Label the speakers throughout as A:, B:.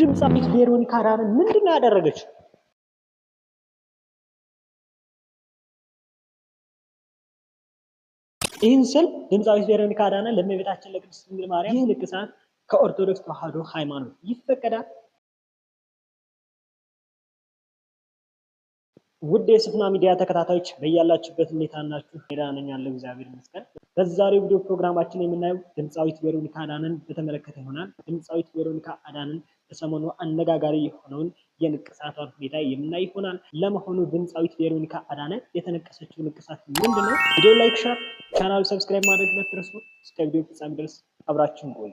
A: ድምፃዊት ቬሮኒካ ዳንን ምንድን ነው ያደረገችው? ይህን ስል ድምፃዊት ቬሮኒካ ዳንን ለእመቤታችን ለቅድስት ድንግል ማርያም ይህ ንቅሳት ከኦርቶዶክስ ተዋሕዶ ሃይማኖት ይፈቀዳል? ውድ የስፍና ሚዲያ ተከታታዮች በያላችሁበት ሁኔታ ናችሁ? ሜዳ ነኝ ያለው እግዚአብሔር ይመስገን። በዛሬው ቪዲዮ ፕሮግራማችን የምናየው ድምፃዊት ቬሮኒካ አዳንን በተመለከተ ይሆናል። ድምፃዊት ቬሮኒካ አዳንን በሰሞኑ አነጋጋሪ የሆነውን የንቅሳቷን ሁኔታ የምናይ ይሆናል። ለመሆኑ ድምፃዊት ቬሮኒካ አዳነ የተነቀሰችው ንቅሳት ምንድን ነው? ቪዲዮ ላይክ፣ ሻር፣ ቻናሉ ሰብስክራይብ ማድረግ አትርሱ። እስከ ቪዲዮ ፍጻሜ ድረስ አብራችሁን ቆዩ።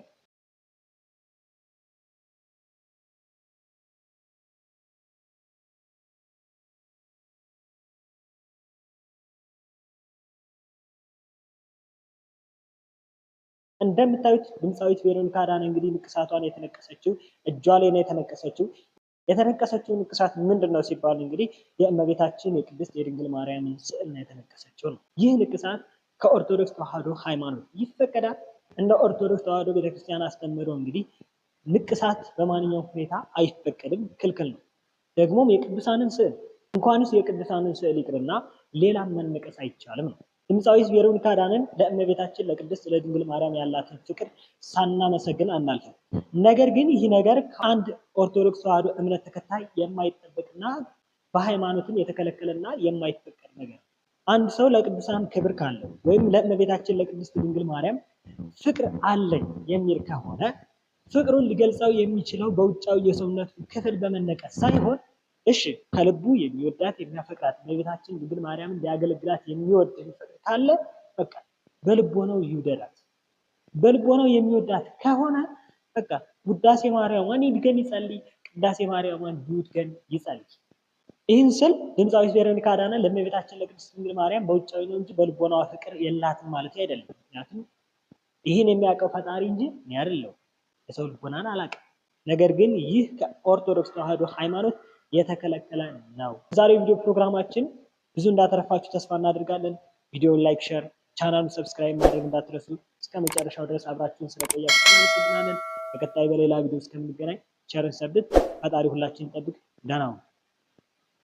A: እንደምታዩት ድምፃዊት ቬሮኒካ አዳነ እንግዲህ ንቅሳቷን የተነቀሰችው እጇ ላይ ነው የተነቀሰችው። የተነቀሰችው ንቅሳት ምንድን ነው ሲባል እንግዲህ የእመቤታችን የቅድስት የድንግል ማርያምን ስዕል ነው የተነቀሰችው ነው። ይህ ንቅሳት ከኦርቶዶክስ ተዋህዶ ሃይማኖት ይፈቀዳል። እንደ ኦርቶዶክስ ተዋህዶ ቤተክርስቲያን አስተምሮ እንግዲህ ንቅሳት በማንኛውም ሁኔታ አይፈቀድም፣ ክልክል ነው። ደግሞም የቅዱሳንን ስዕል እንኳንስ የቅዱሳንን ስዕል ይቅርና ሌላም መነቀስ አይቻልም ነው። ድምፃዊት ቬሮኒካ አዳነን ለእመቤታችን ለቅድስት ለድንግል ማርያም ያላትን ፍቅር ሳናመሰግን አናልፍም። ነገር ግን ይህ ነገር ከአንድ ኦርቶዶክስ ተዋሕዶ እምነት ተከታይ የማይጠበቅና በሃይማኖትም የተከለከለና የማይፈቀድ ነገር። አንድ ሰው ለቅዱሳን ክብር ካለው ወይም ለእመቤታችን ለቅድስት ድንግል ማርያም ፍቅር አለኝ የሚል ከሆነ ፍቅሩን ሊገልጸው የሚችለው በውጫዊ የሰውነቱ ክፍል በመነቀስ ሳይሆን እሺ ከልቡ የሚወዳት የሚያፈቅራት እመቤታችን ድንግል ማርያምን ሊያገለግላት የሚወድ የሚፈቅር ካለ በቃ ነው ይውደዳት። ነው የሚወዳት ከሆነ በቃ ውዳሴ ማርያምን ይድገም ይጸልይ፣ ቅዳሴ ማርያምን ይውድገም ይጸልይ። ይህን ስል ድምፃዊ ቬሮኒካ አዳነ ለእመቤታችን ለቅድስት ድንግል ማርያም በውጫዊ ነው እንጂ በልቦናዋ ፍቅር የላትም ማለት አይደለም። ምክንያቱም ይህን የሚያውቀው ፈጣሪ እንጂ እኔ አይደለሁም። የሰው ልቦናን አላውቅም። ነገር ግን ይህ ከኦርቶዶክስ ተዋህዶ ሃይማኖት የተከለከለ ነው። ዛሬው ቪዲዮ ፕሮግራማችን ብዙ እንዳተረፋችሁ ተስፋ እናደርጋለን። ቪዲዮውን ላይክ፣ ሸር፣ ቻናሉን ሰብስክራይብ ማድረግ እንዳትረሱ። እስከ መጨረሻው ድረስ አብራችሁን ስለቆያችሁ እናመሰግናለን። በቀጣይ በሌላ ቪዲዮ እስከምንገናኝ ቸርን ሰብት ፈጣሪ ሁላችን ይጠብቅ። ደህና